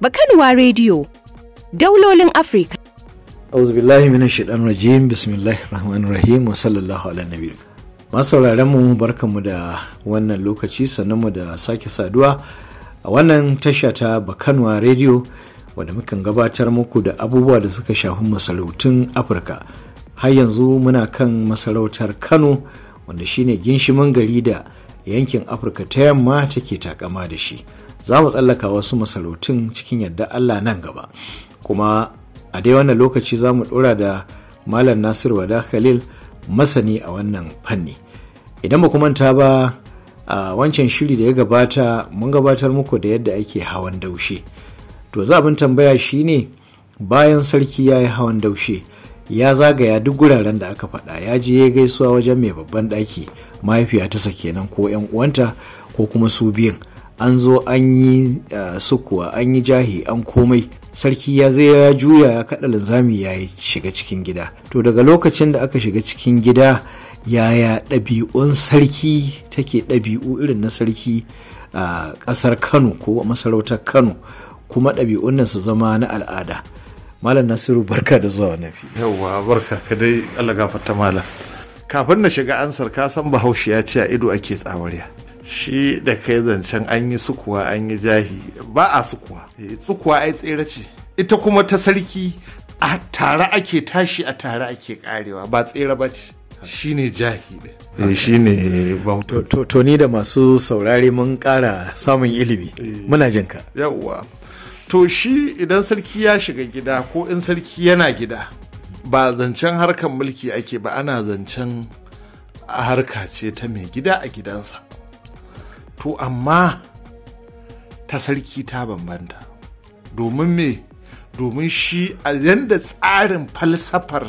Bakanuwa radio Daulolin Afirka. Auzu billahi minash rajim, bismillahir rahmanir rahim sallallahu ala Masu sauraron mu mu da wannan lokaci sannan mu da sake saduwa a wannan tasha ta Bakanuwa Rediyo wadda mukan gabatar muku da abubuwa da suka shafi masarautun Afirka. Har yanzu muna kan masarautar Kano wanda shine ginshimin gari da yankin Afirka ta yamma take takama da shi. za mu tsallaka wasu masarautun cikin yadda Allah nan gaba kuma a dai wannan lokaci za mu ɗora da malam nasir wada khalil masani a wannan fanni idan ba manta ba a wancan shiri da ya gabata mun gabatar muku da yadda ake hawan daushe to za abin tambaya shine bayan sarki ya yi hawan daushe ya zagaya duk guraren da aka faɗa ya je ya gaisuwa wajen mai babban ɗaki mahaifiya ta kenan ko 'yan uwanta ko kuma su biyun an zo an yi eh, sukuwa an yi jahi an komai sarki ya zai ya juya ya kaɗa linzami ya shiga cikin gida to daga lokacin da aka shiga cikin gida yaya ɗabi'un sarki take ɗabi'u irin na sarki a eh, ƙasar kano ko masarautar kano kuma ɗabi'un nan su zama na al'ada malam nasiru barka da zuwa nafi yawwa barka ka dai allah gafarta malam kafin na shiga ansar kasan bahaushe ya ce a ido ake tsawariya shi da kai zancen an yi sukuwa an yi jahi ba a sukuwa eh, sukuwa ai tsere ce ita kuma ta sarki a tare ake tashi a tare ake karewa ba tsere ba ce shi ne jahi. okay. Eh, shi ne to ni da masu saurare mun kara samun ilimi eh. muna jinka yawwa to shi idan sarki ya shiga gida ko in sarki yana gida ba zancen harkar mulki ake ba ana zancen harka ce ta mai gida a gidansa to amma ta sarki ta bambanta domin me domin shi a yadda tsarin falsafar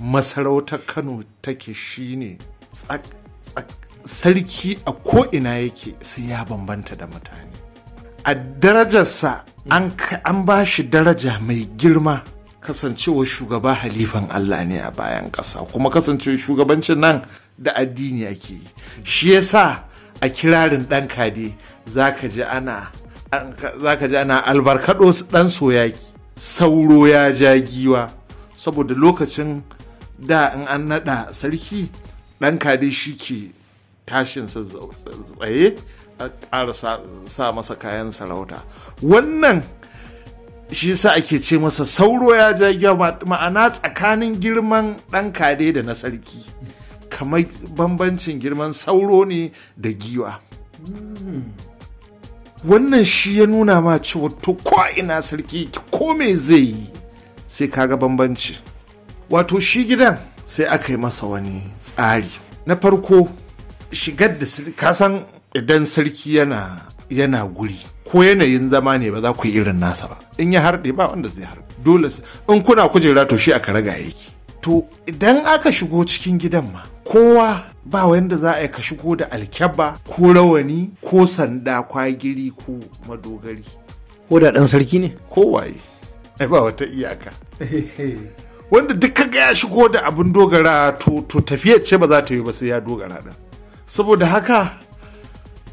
masarauta kano take shine sarki a ko'ina yake sai ya bambanta da mutane a darajarsa an ba shi daraja mai girma kasancewar shugaba halifan Allah ne a bayan ƙasa kuma kasancewar shugabancin nan da addini ake yi shi yasa a kirarin ɗan kade za ka ji ana albarkaɗo ɗan soyaki sauro ya ja giwa saboda lokacin da in an naɗa sarki ɗan kade shi ke tashinsa tsaye a ƙara sa masa kayan sarauta wannan shi sa ake ce masa sauro ya ja ma'ana tsakanin girman ɗan kade da na sarki kamar bambancin girman sauro ne da giwa wannan shi ya nuna ma cewa to ina sarki ko me zai yi sai kaga bambanci wato shi gidan sai aka yi masa wani tsari na farko shigar da kasan idan sarki yana yana guri ko yanayin zama ne ba za ku yi irin nasa ba in ya harɗe ba wanda zai harɗe dole in kuna kujera to shi aka raga yake to idan aka shigo cikin gidan ma kowa ba wanda za a yi ka shigo da alkyabba ko rawani ko sanda kwagiri ko madogari ko da dan sarki ne kowaye ai ba wata iyaka wanda duk kaga ya shigo da abin dogara to tafiyar ce ba za ta yi ba sai ya dogara ɗin saboda haka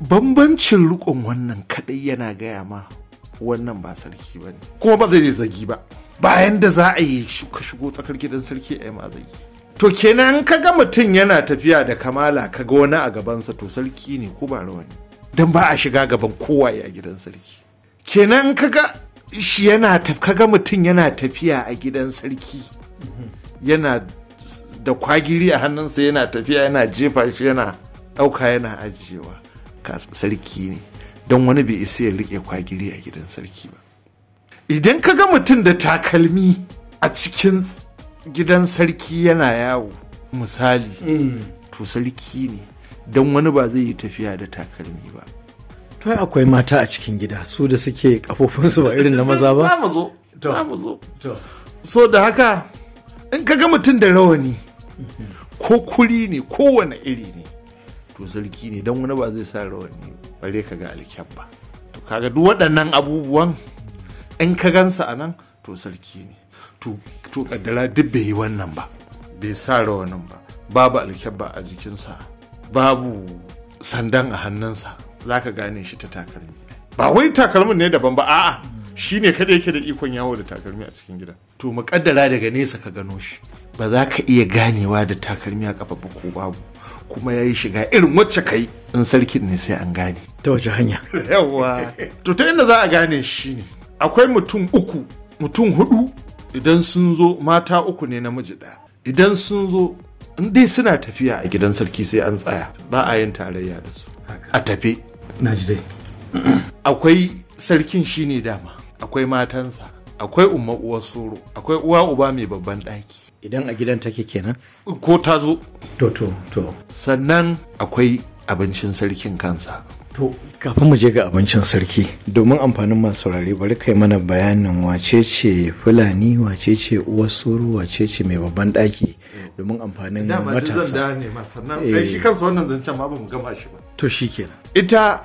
bambancin rikon wannan kadai yana gaya ma wannan ba sarki ba ne kuma ba zai zagi ba bayan da za a yi ka shigo tsakar gidan sarki a yi ma zagi to kenan ka ga mutum yana tafiya da kamala ka ga wani a gabansa to sarki ne ko ba rawani don ba a shiga gaban kowaye a gidan sarki kenan ka ga shi yana ka ga mutum yana tafiya a gidan sarki yana da kwagiri a hannunsa yana tafiya yana jefa shi yana ɗauka yana ajiyewa sarki ne don wani bai isa ya riƙe kwagiri a gidan sarki ba idan ka ga mutum da takalmi a cikin gidan sarki yana yawo misali mm. to sarki ne don wani ba zai yi tafiya da takalmi ba to akwai mata a cikin gida su da suke kafofinsu ba irin na maza ba so da haka in ka ga mutum da rawani ko kuri ne kowane iri ne to sarki ne don wani ba zai sa rawani bare ka ga alkyabba to kaga duk waɗannan abubuwan in ka gansa a nan to sarki ne to kaddara duk bai yi wannan ba bai sa rawanin ba babu alkyabba a jikinsa babu sandan a hannunsa za ka gane shi ta takalmi ba wai takalmin ne daban ba a'a shi ne kaɗai yake da ikon yawo da takalmi a cikin gidan to muƙaddara daga nesa ka gano shi ba za ka iya ganewa da takalmi a kafa ba ko babu kuma ya yi shiga irin wacce kai in sarkin ne sai an gane ta wace hanya yawa to ta inda za a gane shi ne akwai mutum uku mutum hudu idan sun zo mata uku ne namiji ɗaya idan sun zo in dai suna tafiya a gidan sarki sai an tsaya ba a yin tarayya da su a tafe akwai sarkin shi ne dama akwai matansa akwai umma uwa soro akwai uwa uba mai babban ɗaki idan a gidan take kenan ko ta zo to to to sannan akwai abincin sarkin kansa to kafin mu je ga abincin sarki domin amfanin masu saurare bari kai mana bayanin wace ce fulani wace ce uwar soro wace ce mai babban ɗaki domin amfanin matasa Da ma, sannan shi kansa wannan zancen ma ba mu gama shi ba to shi kenan ita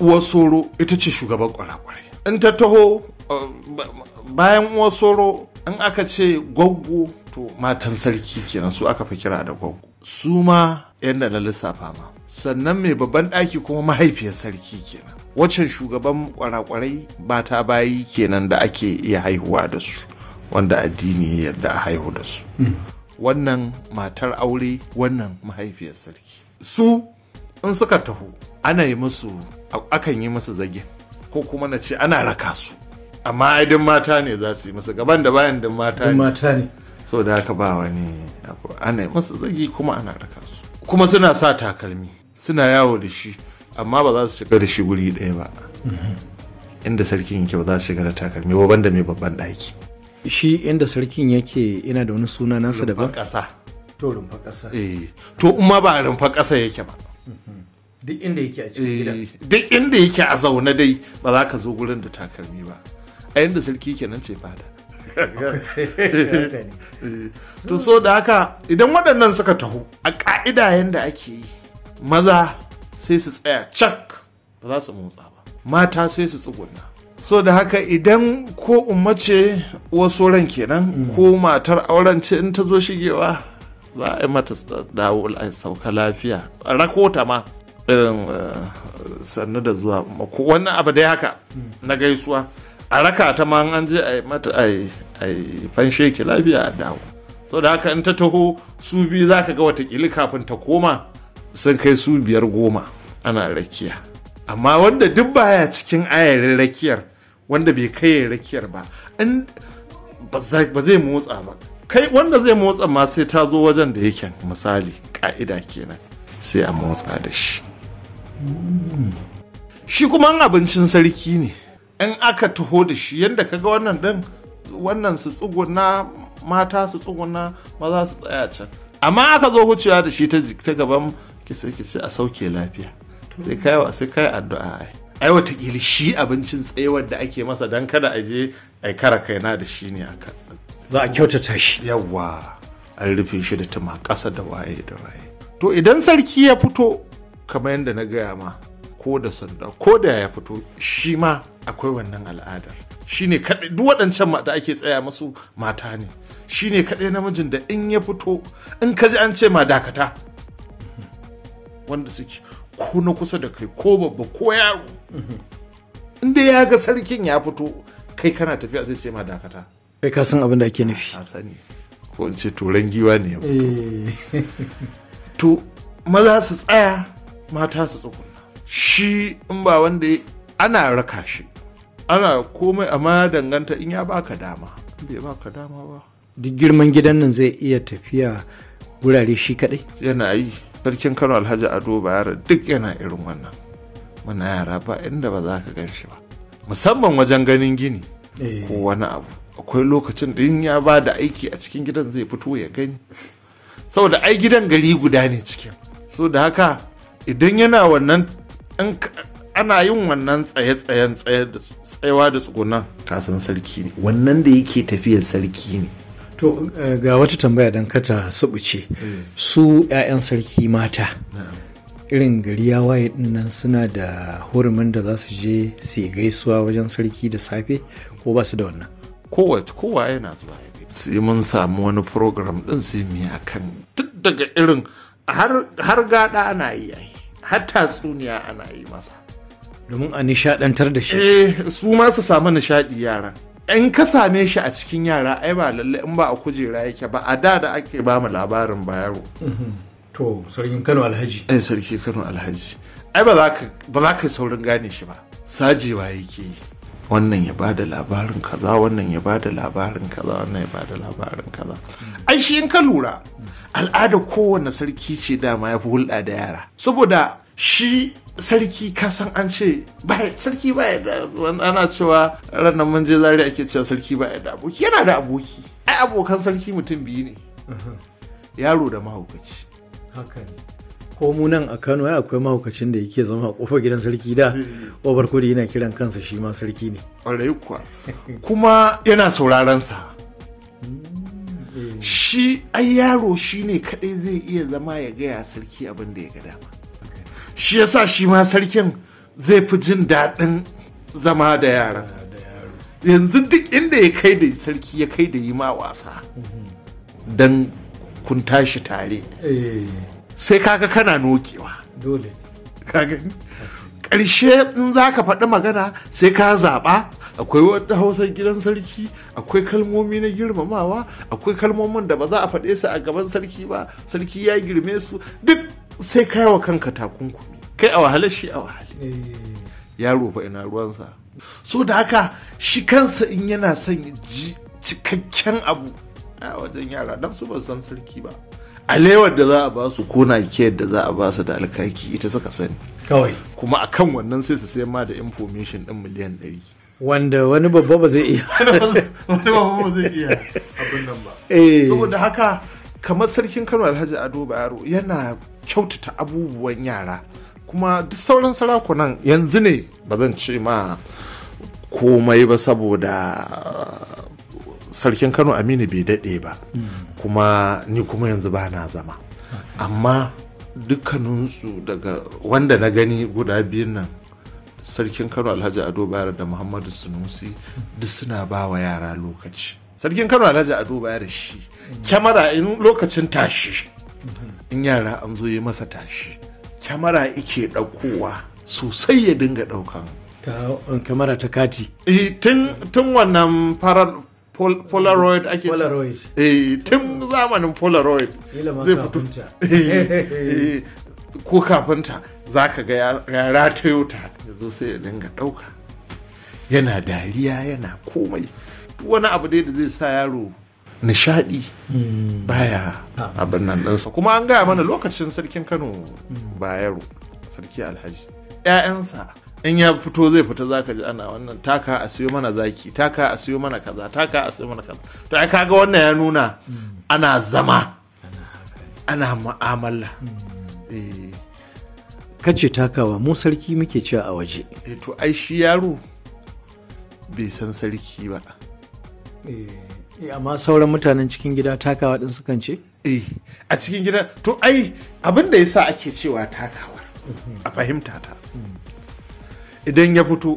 uwar soro ita ce shugaban kwarakwarai in ta taho uh, bayan uwar soro in aka ce gwaggo to matan sarki kenan su aka fi kira da gwaggo su ma yadda na lissafa ma sannan mai babban ɗaki kuma mahaifiyar sarki kenan waccan shugaban kwarakwarai mata bayi kenan da ake iya haihuwa da su wanda addini ya yarda a haihu da su hmm. wannan matar aure wannan mahaifiyar sarki su in suka taho ana yi musu akan yi musu zagin. ko kuma na ce ana raka su amma ai din mata ne za su yi musu gaban da bayan din mata ne mata ne so da haka ba wani abu ana yi masa zagi kuma ana raka su kuma suna sa takalmi suna yawo da shi amma ba za su shiga da shi guri ɗaya ba mm-hmm. inda sarkin yake ba za su shiga da takalmi ba banda mai babban ɗaki shi inda sarkin yake yana da wani suna nasa daban ƙasa to rumfa ƙasa eh to in ba rumfa ƙasa yake ba mm-hmm. duk inda yake a cikin eh, gida duk inda yake a zaune dai ba za ka zo gurin da takalmi ba a yanda sarki kenan ce fada to so da haka idan waɗannan suka taho a ƙa'ida yadda ake yi maza sai su tsaya cak ba za su motsa ba mata sai su tsugunna. so da haka idan ko umace wasu ran kenan mm. ko matar auren ce in ta zo shigewa za a yi mata dawo a sauka lafiya rakota ma irin eh, sannu da zuwa ko wani abu dai haka mm. na gaisuwa a raka ta ma an je a yi lafiya a dawo sau da haka in ta taho su biyu za ka ga watakili kafin ta koma sun kai su biyar goma ana rakiya amma wanda duk baya cikin ayarin rakiyar wanda bai kai rakiyar ba in ba zai motsa ba kai wanda zai motsa ma sai ta zo wajen da yake misali ka'ida kenan sai a motsa da shi shi kuma abincin sarki ne in aka taho da shi yadda kaga wannan din wannan su tsuguna mata su tsuguna maza su tsaya can amma aka zo hucewa da shi ta gaban kisa-kisa a sauke lafiya sai kai sai kai addu'a ai ai shi abincin tsayawar da ake masa dan kada a je ai kara kaina da shi ne aka za a kyautata shi yawwa an rufe shi da tuma ƙasa da waye da waye to idan sarki ya fito kamar yadda na gaya ma ko da sanda ko da ya fito shi ma akwai wannan al'adar shi ne kaɗai duk waɗancan da ake tsaya masu mata ne shi ne kaɗai namijin da in ya fito in ka ji an ce ma dakata wanda suke ko na kusa da kai ko babba ko yaro inda ya ga sarkin ya fito kai kana tafiya zai ce ma dakata kai ka san abin da ake nufi a sani ko in ce turan giwa ne ya fito eh. to maza su tsaya mata su tsukuna shi in ba wanda ana raka shi ana komai amma danganta in ya baka dama bai baka dama ba duk girman gidan nan zai iya tafiya wurare shi kadai yana yi sarkin kano alhaji ado yara duk yana irin wannan muna yara ba inda ba za ka gan shi ba musamman wajen ganin gini eh. ko wani abu akwai lokacin da in ya ba da aiki a cikin gidan zai fito ya gani saboda ai gidan gari guda ne cikin so da haka idan yana wannan ana yin wannan tsaye-tsayen tsayewa da tsugunan kasan sarki ne wannan da yake tafiyar sarki ne to eh, ga wata tambaya don kata subuce eh. su 'ya'yan sarki mata irin gari ya waye nan suna da hurumin da za su je su gaisuwa wajen sarki da safe ko ba su da wannan kowace kowa yana zuwa sai mun samu wani program din sai mu yi akan duk daga irin har gada ana yi har tatsuniya ana yi masa domin a nishadantar da shi eh su ma su samu nishadi yaran in ka same shi a cikin yara ai ba lalle in ba a kujera yake ba a da da ake ba mu labarin yaro. Mhm. to sarkin kano alhaji eh sarki kano alhaji ai ba za ka saurin gane shi ba sajewa yake yi wannan ya ba da labarin kaza wannan ya ba da labarin kaza wannan ya ba da labarin kaza ai shi in ka lura al'ada kowane sarki ce dama ya fi hulɗa da yara saboda shi sarki kasan an ce sarki baya da ana cewa ranar mun je zari ake cewa sarki baya da aboki yana da aboki ai abokan sarki mutum biyu ne yaro da mahaukaci ko nan a Kano ya akwai mahaukacin da yake zama a kofar gidan sarki da eh. obar kudi yana kiran kansa shi ma sarki ne kuwa kuma yana sauraron sa mm. shi ai yaro shi ne kadai zai iya zama ya gaya sarki abin da ya ga dama shi yasa shi ma sarkin zai fi jin daɗin zama da yaran ah, yanzu duk inda ya kai da sarki ya kai da yi ma wasa mm-hmm. don kun tashi tare eh. sai kaga kana nokewa dole ƙarshe in za ka faɗi magana sai ka zaɓa akwai wata hausar gidan sarki akwai kalmomi na girmamawa akwai kalmomin da ba za a faɗe su a gaban sarki ba sarki ya girme su duk sai kai wa kanka takunkumi kai a wahalar shi a wahale eh. yaro fa ina ruwansa so da haka shi kansa in yana son ji cikakken abu a wajen yara don su ban san sarki ba alewar da za a ba su ko nakiyar da za a ba su da alkaki ita suka sani kawai kuma a kan wannan sai su sai ma da information din miliyan 100 wanda wani babba ba zai iya wani babba ba zai iya abin nan ba eh. saboda haka kamar sarkin kano alhaji ado Bayaro yana kyautata abubuwan yara kuma duk sauran sarakunan yanzu ne ba zan ce ma komai ba saboda sarkin kano aminu bai daɗe ba kuma ni kuma yanzu ba na zama amma dukkaninsu daga wanda na gani guda biyun nan sarkin kano alhaji ado bayar da muhammadu sunusi duk suna ba wa yara lokaci sarkin kano alhaji ado bayar shi kyamara in lokacin tashi in yara an zo yi masa tashi kyamara ike ɗaukowa sosai ya dinga ɗaukan kyamara ta kati eh, tun wannan farar Pol polaroid ake polaroid eh tun zamanin polaroid zai fito eh, eh, ko kafinta za ka ga ya ratayo zo sai ya dinga ɗauka yana dariya yana komai wani abu dai da zai sa yaro nishadi hmm. baya ah. abin nan ɗinsa kuma an gaya mana lokacin sarkin kano hmm. bayero sarki alhaji 'ya'yansa in ya fito zai fita zaka ji ana wannan taka a siyo mana zaki taka a siyo mana kaza taka a siyo mana kaza to ai kaga wannan ya nuna ana zama ana mu'amala hmm. eh. Ka ce takawa mu sarki muke cewa a waje eh to ai shi yaro bai san sarki ba eh, amma sauran mutanen cikin gida takawa din sukan ce a cikin gida to ai abin da yasa ake cewa takawar a fahimta ta hmm. idan ya fito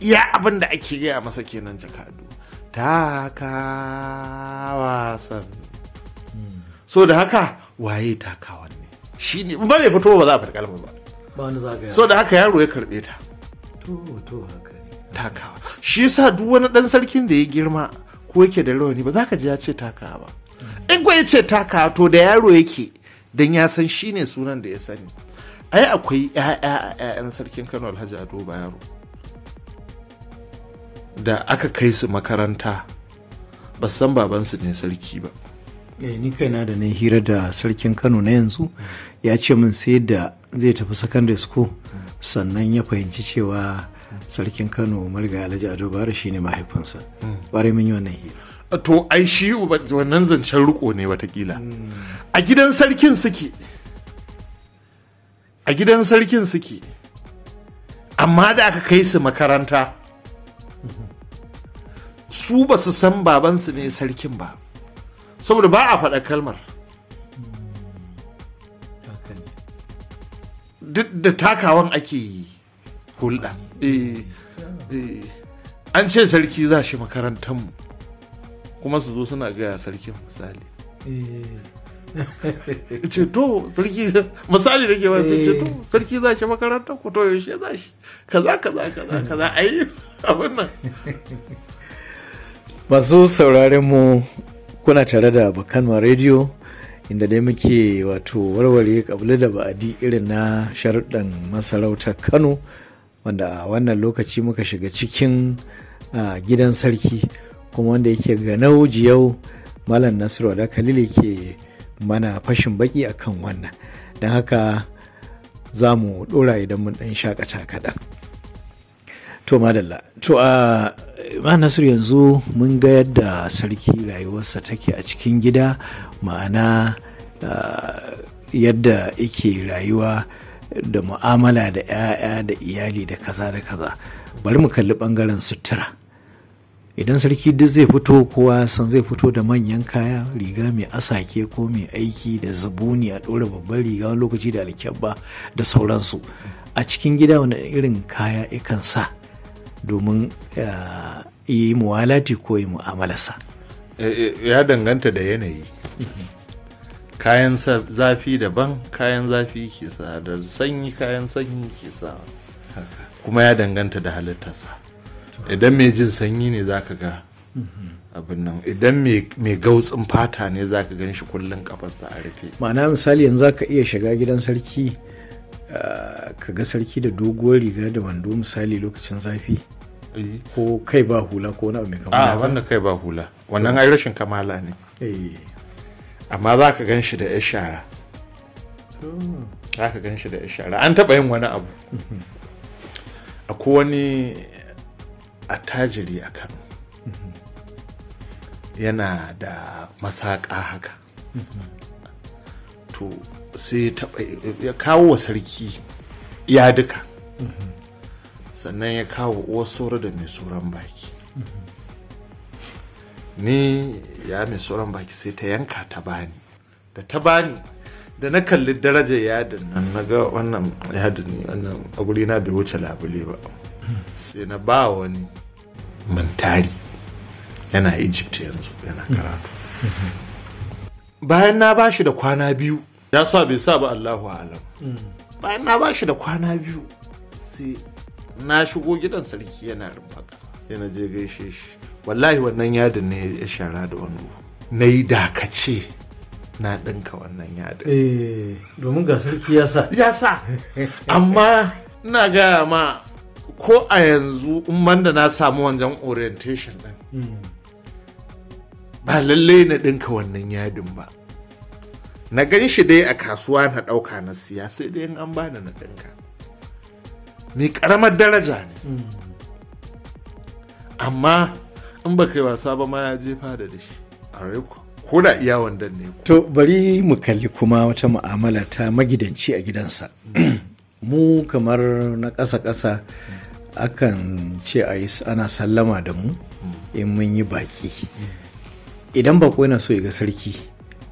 iya abin da ake gaya masa kenan jakadu taka wasan so da haka waye takawan ne shi ne ba mai fito ba za a fi kalmar ba so da haka yaro ya karbe ta takawa shi sa duk wani dan sarkin da ya girma ko yake da rawani ba za ka ji ya ce takawa ba mm. in ko ya ce takawa to da yaro yake don ya san shi ne sunan da ya sani ai akwai 'ya'ya 'ya'yan sarkin kano alhaji ado bayero da aka kai su makaranta ba san babansu ne sarki ba eh, ni kaina da na hira da sarkin kano na yanzu ya ce min sai da zai tafi secondary school sannan ya fahimci cewa sarkin kano marga alhaji ado bayero ne mahaifinsa bare min yi wannan hira to ai shi wannan zancen riko ne watakila a gidan sarkin suke a gidan sarkin suke amma da aka kai su makaranta su ba su san babansu ne sarkin ba saboda ba a faɗa kalmar duk da takawan ake yi hulɗa eh, eh. an ce sarki za shi makarantar mu kuma su zo suna gaya sarkin misali eh. ce to sarki misali da ke ba sai ce to sarki za shi makarantar ku to yaushe za shi kaza kaza kaza kaza a abin nan masu sauraren mu kuna tare da bakanwa radio inda dai muke wato warware kabli da ba'adi irin na sharuɗan masarautar kano wanda a wannan lokaci muka shiga cikin gidan sarki kuma wanda yake ganau jiyau malam nasiru da kalili ke mana fashin baki akan wannan don haka za mu ɗora idan mun ɗan shakata kaɗan to madalla to a ma yanzu mun ga yadda sarki rayuwarsa take a cikin gida ma'ana yadda yake rayuwa da mu'amala da 'ya'ya da iyali da kaza da kaza bari mu kalli ɓangaren sutura idan sarki duk zai fito kowa san zai fito da manyan kaya riga mai asake ko mai aiki da zubuni a ɗora babban riga lokaci da alkyabba da sauransu a cikin gida wani irin kaya ikan sa domin eh, yi muwalati ko yi mu'amalarsa eh, eh, ya danganta da yanayi kayan zafi daban kayan zafi ke sa da sanyi kayan sanyi ke sa kuma ya danganta da halittarsa idan mai jin sanyi ne za ka ga abin nan idan mai gautsin fata ne za ka gan shi kullum kafarsa a rufe ma'ana misali yanzu za ka iya shiga gidan sarki eh, ka ga sarki da doguwar riga da wando misali lokacin zafi eh. ko kai ba hula ko wani abu mai kamala a ah, wannan kai ba hula wannan ai rashin kamala ne eh. amma za ka gan shi da ya shara oh. za ka gan shi da ya shara an taɓa yin wani abu mm-hmm. akwai wani attajiri a kano mm-hmm. yana da masaka haka to sai ya kawo wa sarki ya duka mm-hmm. sannan ya kawo uwar soro da mai tsoron baki mm-hmm. ni ya mai tsoron baki sai ta yanka ta bani da ta bani da na kalli darajar yadin nan na ga wannan yadin wannan a guri na bai wuce labule ba sai na ba wani mantari yana egypt yanzu yana mm. karatu bayan na ba shi da kwana biyu ya sa bai sa ba allahu alam mm. bayan na ba shi da kwana biyu sai na shigo gidan sarki yana rumfa ƙasa yana je gaishe shi wallahi wannan yadin ne ya shara da wando na yi dakace na ɗinka wannan yadin eh, domin ga sarki ya sa ya sa amma ina gaya ma ko a yanzu in da na samu wajen orientation din ba lallai na ɗinka wannan yadin ba na gan shi dai a kasuwa na ɗauka na siya sai dai an bani na ɗinka mai ƙaramar daraja ne amma in ba kai wasa ba ma ya jefa da dashi a ko da iya wandan ne to bari mu kalli kuma wata mu'amala ta magidanci a gidansa mu kamar na ƙasa-ƙasa akan ce a yi ana sallama da mu in mun yi baƙi idan bako yana so ya ga sarki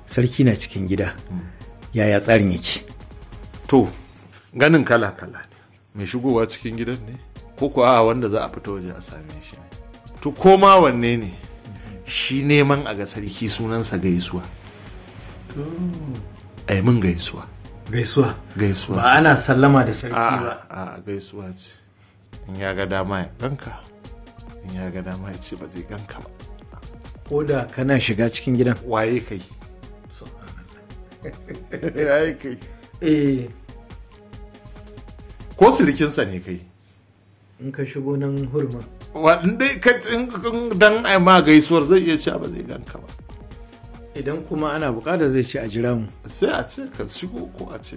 sarki na cikin gida yaya tsarin yake to ganin kala-kala ne mai shigowa cikin gidan ne ko kuwa a wanda za a fita waje a same shi ne to koma wanne ne shi neman a ga sarki sunansa gaisuwa a yi min gaisuwa gaisuwa gaisuwa ba ana sallama da sarki ba a gaisuwa ce in ya ga dama ya ganka in ya ga dama ya ce ba zai ganka ba ko da kana shiga cikin gidan waye kai waye kai eh ko sirikinsa ne kai in ka shigo nan hurma ka dan ai ma gaisuwar zai iya cewa ba zai ganka ba idan kuma ana bukatar zai ce a jira mu sai a ce ka shigo ko a ce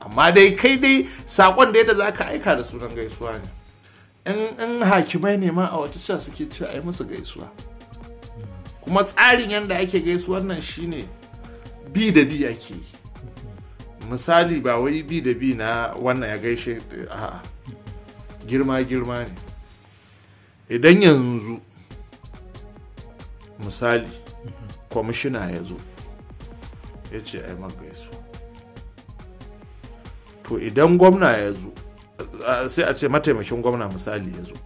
amma dai kai dai sakon da yadda za ka aika da sunan gaisuwa ne in hakimai ne ma a wata sha suke ce a yi musu gaisuwa kuma tsarin yadda ake gaisuwar nan shine bi da bi ake yi misali ba wai bi da bi na wannan ya gaishe a girma girma ne idan yanzu misali kwamishina ya zo ya ce a yi magaisu to idan gwamna ya zo sai a ce mataimakin gwamna misali ya zo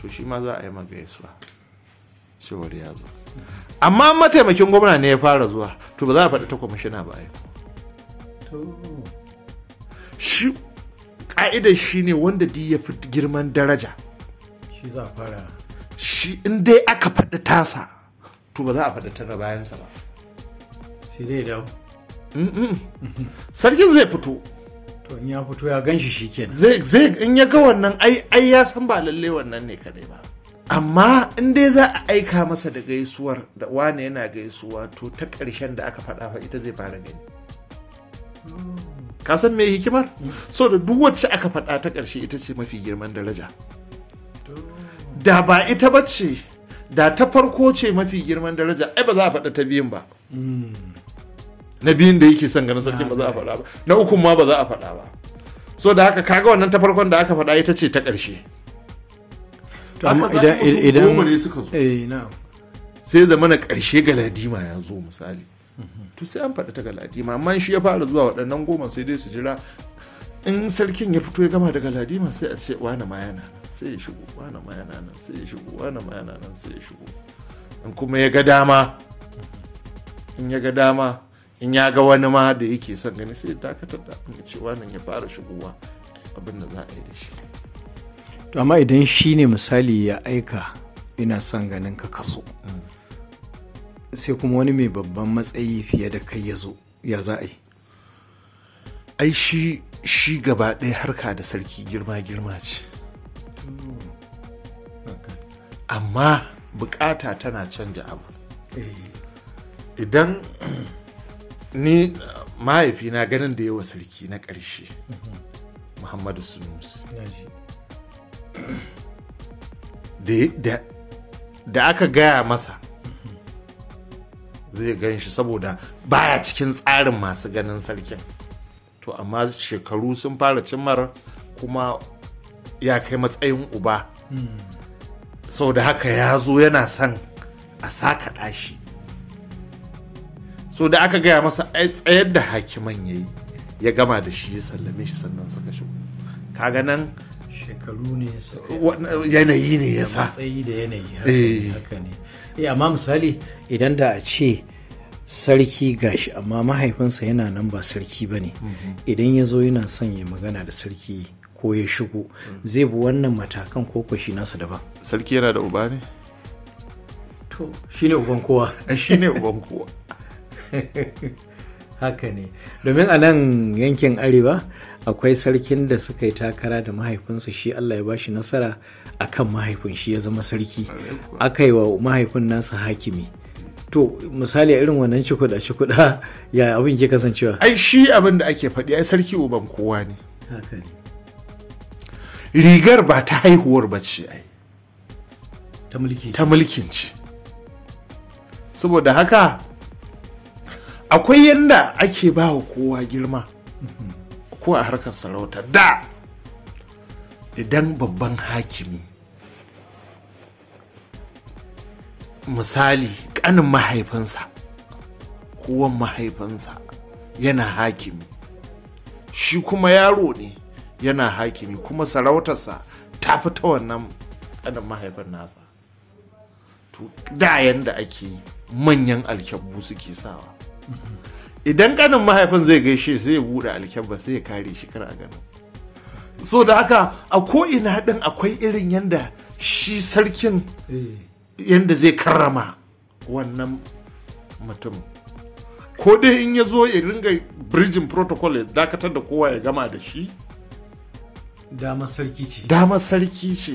to shi ma za a yi magaisuwa cewar ya zo amma mataimakin gwamna ne ya fara zuwa to ba za a faɗi ta kwamishina ba ai shi ƙa'idar shi ne wanda di ya fi girman daraja shi za a fara shi in dai aka faɗi tasa to ba za a faɗi na bayansa ba sai dai sarkin zai fito to in ya fito ya ganshi shi kenan zai in ya ga wannan ai ai ya san ba lalle wannan ne kadai ba amma in dai za a aika masa da gaisuwar da wane yana gaisuwa to ta ƙarshen da aka faɗa fa ita zai fara gani ka san me hikimar so da duk wacce aka faɗa ta ƙarshe ita ce mafi girman daraja da ba ita ba ce da ta farko ce mafi girman daraja ai ba za a faɗa ta biyun ba na biyun da yake son ganin sarkin ba za a faɗa ba na ukun ma ba za a faɗa ba so da haka kaga wannan ta farkon da aka faɗa ita ce ta ƙarshe idan eh, sai da mana ƙarshe galadima ya zo misali to sai an faɗi ta galadima amma shi ya fara zuwa waɗannan goma sai dai su jira in sarkin ya fito ya gama da galadima sai a ce wani ma yana sai ya shigo wani ma yana nan sai ya shigo wani ma yana nan sai ya shigo in kuma ya ga dama in ya ga dama in ya ga wani ma da yake son gani sai ya dakatar da abin da cewa nan ya fara shigowa abin da za a yi da shi to amma idan shi ne misali ya aika ina son ganin ka kaso sai kuma wani mai babban matsayi fiye da kai ya zo ya za a yi ai shi shi gaba ɗaya harka da sarki girma girma ce amma bukata tana canja abu eh. idan ni mahaifi na ganin da yawa sarki na ƙarshe mhm. muhammadu sunusi da aka gaya masa mhm. zai gan shi saboda baya cikin tsarin masu ganin sarkin to amma shekaru sun fara cimar kuma ya kai matsayin uba sau da haka ya zo yana son a saka ɗashi sau da aka gaya masa ai tsayar da hakiman ya yi ya gama da shi ya sallame shi sannan suka shigo kaga nan shekaru ne yanayi ne ya sa matsayi da yanayi haka ne eh. eh, amma misali idan da a ce sarki gashi amma mahaifinsa yana nan ba sarki ba ne mm-hmm. idan ya zo yana son ya magana da sarki ko ya shigo zai bi wannan matakan ko ko nasa daban sarki yana da uba ne to shine uban kowa ne uban kowa haka ne domin a nan yankin arewa akwai sarkin da suka yi takara da mahaifinsa shi allah ya ba shi nasara a kan mahaifin shi ya zama sarki aka yi wa mahaifin nasa hakimi to misali a irin wannan cikuda cikuda ya abin ke kasancewa ai shi abin da ake faɗi ai sarki uban kowa ne haka ne rigar ba ta haihuwar ba ce ai ta mulkin ce saboda haka akwai yadda ake ba wa kowa girma ko a harkar sarauta da idan babban hakimi misali kanin mahaifinsa kowan mahaifinsa yana hakimi shi kuma yaro ne yana hakimi kuma sarautarsa ta fi ta wannan kanin mahaifin nasa da yanda ake manyan alkyabbu suke sawa idan kanin mahaifin zai gaishe zai buɗe bude alkyabba sai ya kare shi kar a ganin so da haka a ko'ina din akwai irin yanda shi sarkin eh. yanda zai karrama wannan mutum ko dai in ya zo ya ringa birjin protocol ya dakatar da kowa ya gama da shi dama sarki ce dama sarki ce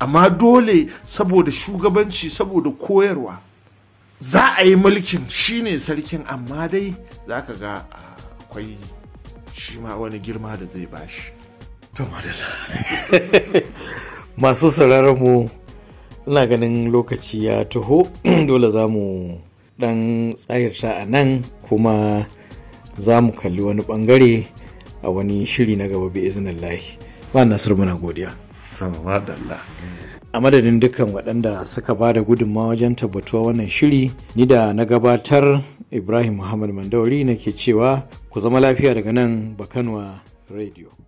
amma dole saboda shugabanci saboda koyarwa za a yi mulkin shine sarkin amma dai za ka ga ah, akwai shi ma wani girma da zai bashi masu sauraron mu ina ganin lokaci ya taho dole za mu dan tsayarta a nan kuma za mu kalli wani bangare a wani shiri na gaba bi izinin lahi ba nasir muna godiya a madadin dukkan waɗanda suka ba da gudunmawa wajen tabbatuwa wannan shiri ni da na gabatar ibrahim muhammad mandauri nake cewa ku zama lafiya daga nan bakanwa radio